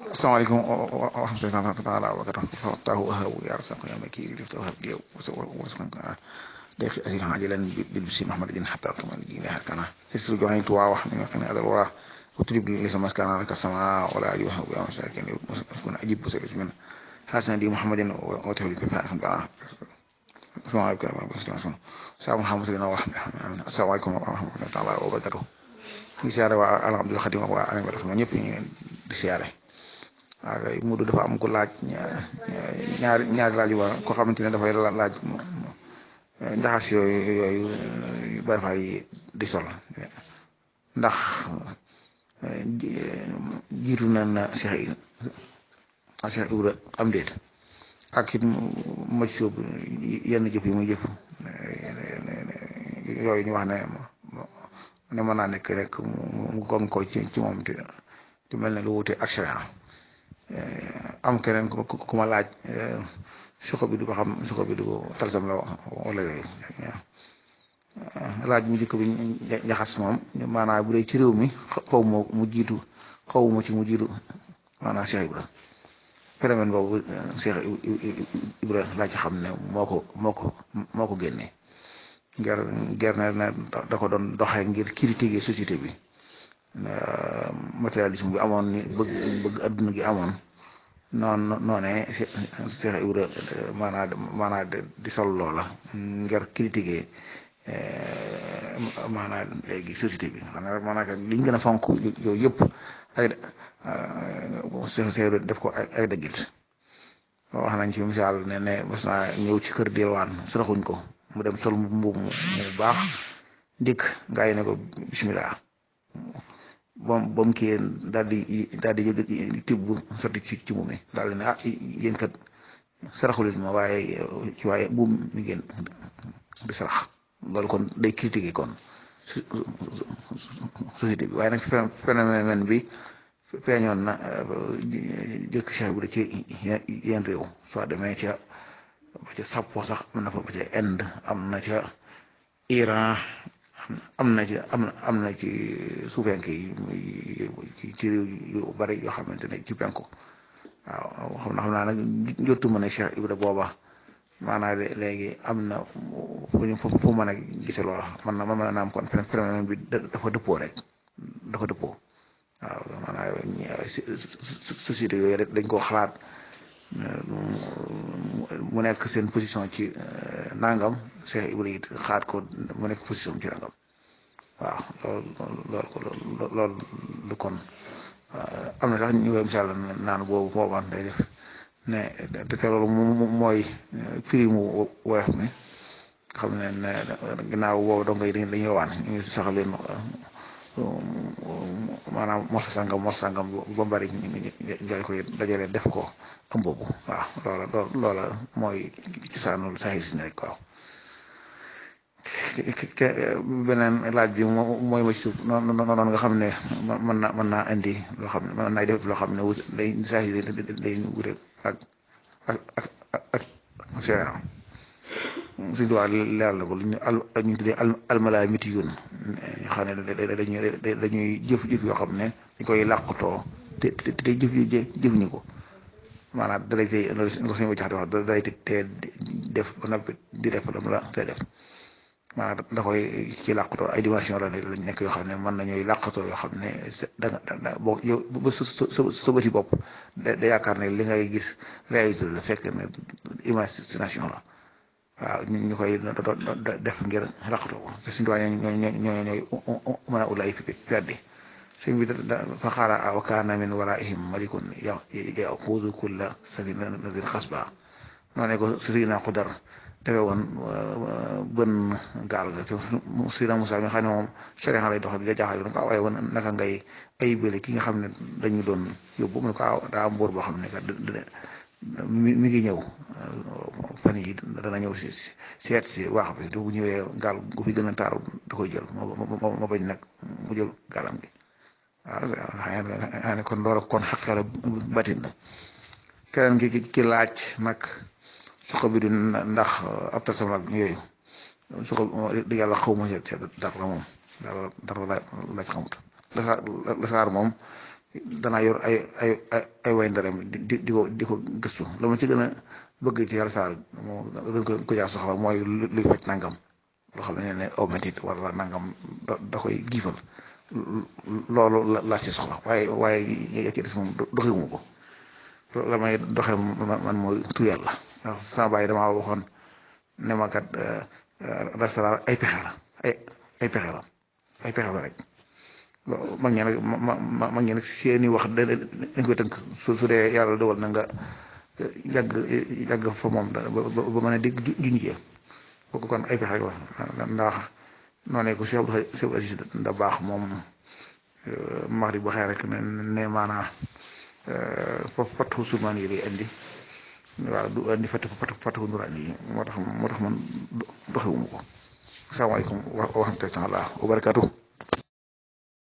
السلام عليكم ورحمة الله تعالى وبركاته فوطاه وهو يرزق يا مكير لفتوها بليو وسكن ديخ أزيل عاجلا بالبسي محمد الدين حتى رقم الدين لها كان سيسر جوعين توا وحمي وكان هذا الورا وتريب لسما كان لك السماء ولا أيها ويا مساكين يكون أجيب بسير من حسنا دي محمد وتهول بفاء خمدانا السلام عليكم ورحمة الله وبركاته السلام عليكم ورحمة الله تعالى وبركاته في سيارة وعلى عبد الخديم وعلى عبد الخديم ñëpp ñu di siyaare waaw mu Moodu dafa am ko laaj ñaari laaj yu war ko xamante ne dafay laaj njaxas yooyu yooyu yu yi di sol ndax jiitu na na Cheikh a Cheikh Ibra am déet ak moj sóob yenn jëf yi muy jëf yooyu ñu wax ne ne mën naa nekk rek mu gong ko ci moom te mel ne lu wute ak Eh, am keneen ku ma laaj eh, suko bi du ko xam suko bi du ko talsam la wala yooyu eh, laaj mu njëkk bi ñaxas moom maanaam bu dee ci réew mi xaw ma mu jiitu xaw ci mu jiitu maanaam Cheikh Ibra phénomène boobu Cheikh Ibra laa xam ne moo ko moo ko moo ko génne ger ger na da ko doon doxe ngir critiquer société bi Euh, matérialisme bi amoon ni bëgg bëgg adduna gi amoon noon noonee Cheikh Ibra maanaa maanaa di sol loola ngir critiquer euh, maanaa léegi société bi xanaa maanaa liñ gën a fonk yooyu yëpp ay euh, Cheikh def ko ay dëggit wax nañ ci misaal ne ne mas naa ñëw ci kër delwaan saraxuñ ko mu dem sol mbubb mu baax dikk gaa yi ne ko bismillah bam ba mu kiyee daal di daal di yëg tibb sotti ci ci muumi daal di ah yéen kat saraxulit ma waaye ci waaye buum mi ngeen sarax loolu kon day critiquer kon société bi waaye nag phénomène bi feeñoon na euh, jëkk Cheikh bi da ci yenn réew soo de ca ba sapo sax am na fa ba ca Inde am na ca Iran am na ci am na am na ci suufenk yi ci réew bari yoo xamante ne ci penku waaw xam na xam naa nag njottu mën a Cheikh Ibra booba maanaam léegi am na fu ñu fu a gise loola man na man mën na am kon phénomène bi dafa dëppoo rek dafa dëppoo waaw maanaam société yooyu dañ koo xalaat mu nekk seen position ci euh, nangam Cheikh Ibrahim xaat ko mu nekk position ci nangam waaw loolu loolu kon euh, am na sax ñu koy misaal naan boobu boobaan day def ne te mooy euh, prix mu woyof mi xam ne ginnaaw boobu dong yi dañuy dañuy rawaan ñu sax leen. maanaam mos a sangam mos sangam ba mbari ñu def ko ëmb bu waaw loola loola mooy cosaanul saxir si rek waaw beneen laaj bi mooy ma suuf noonu noonu nga xam ne mën na mën naa indi loo xam ne mën naa def loo xam ne wut day saxir day wute ak ak ak ak Sëñ Tuubaa leeral na ko lu ñu al ñu ñu tuddee almalaa miti yoon yoo xam ne dañuy dañuy jëf-jëf yoo xam ne dañ koy làqtoo te te te jëf jëfuñu ko maanaam dalay tey ko suñu ko jaxate wax dalay tey def ba noppi di def lam la fee def maanaam da koy ci làqtoo ay dimension la lañ nekk yoo xam ne mën nañooy làqtoo yoo xam ne da nga boo yow ba sa sa bëti bopp da yaakaar ne li ngay gis réalité la fekk ne imagination la waaw ñu koy def ngir laqatu ko te suñu tubaab ñoo ñooy mën ulay weddi sëñ bi fa xaara aw kaana min waraihim malikun yaqudu kulla sabin nadin xasba noo ne ko Sirina Xudar defee woon euh, bën gaal ga te Sirina Musaa mi nga xam ne moom sariya lay doxal di jaaxal yoon ko waaye woon naka ngay ay bële ki xam ne dañu doon yóbbu mu ne ko ah, daa am xam ne mi mi ngi ñëw euh, fan yi dana ñëw si seet si waax bi du bu ñëwee gaal gu fi gën a taaru da koy jël moo moo bañ nag mu jël gaalam gi waaw ah, xanaa kon loolu kon xaqala batin la keneen ki ki laaj nag suq bi du ndax euh, ab tasam ak yooyu suq di yàlla xaw ma dara moom dara laaj xamut lasaar moom danaa yor ay ay ay ay way ndaram di di ko gëstu la ma ci gën a bëgg ci yàlla saar moo gën ko ko jaar soxla mooy luy faj nangam loo xam ne ne ometit wala nangam da koy giifal loolu la laa ci soxla waaye waaye ñi ci des moom doxewuma ko la may doxe man mooy tu yàlla ndax sama baay damaa waxoon ne ma kat euh, euh, restaurant ay pexe ay ay pexe la ay pexe rek mag ñi nag ma ma mag ñi nag seeni wax dañ koy tënk su su dee yàlla dogal na nga yàgg fa moom da ba mën a dégg juñ jee kon ay pexe rek la ndax noonee ko Cheikh Cheikh Aziz da baax moom euh, mari bu xëy rek ne maanaa euh, fatu sulmaan yi lay indi waaw du indi fatu fatu fatu nuraan yi moo tax moo tax man doxewuma ko salaamaaleykum wa rahmatullaahi wa barakaatuh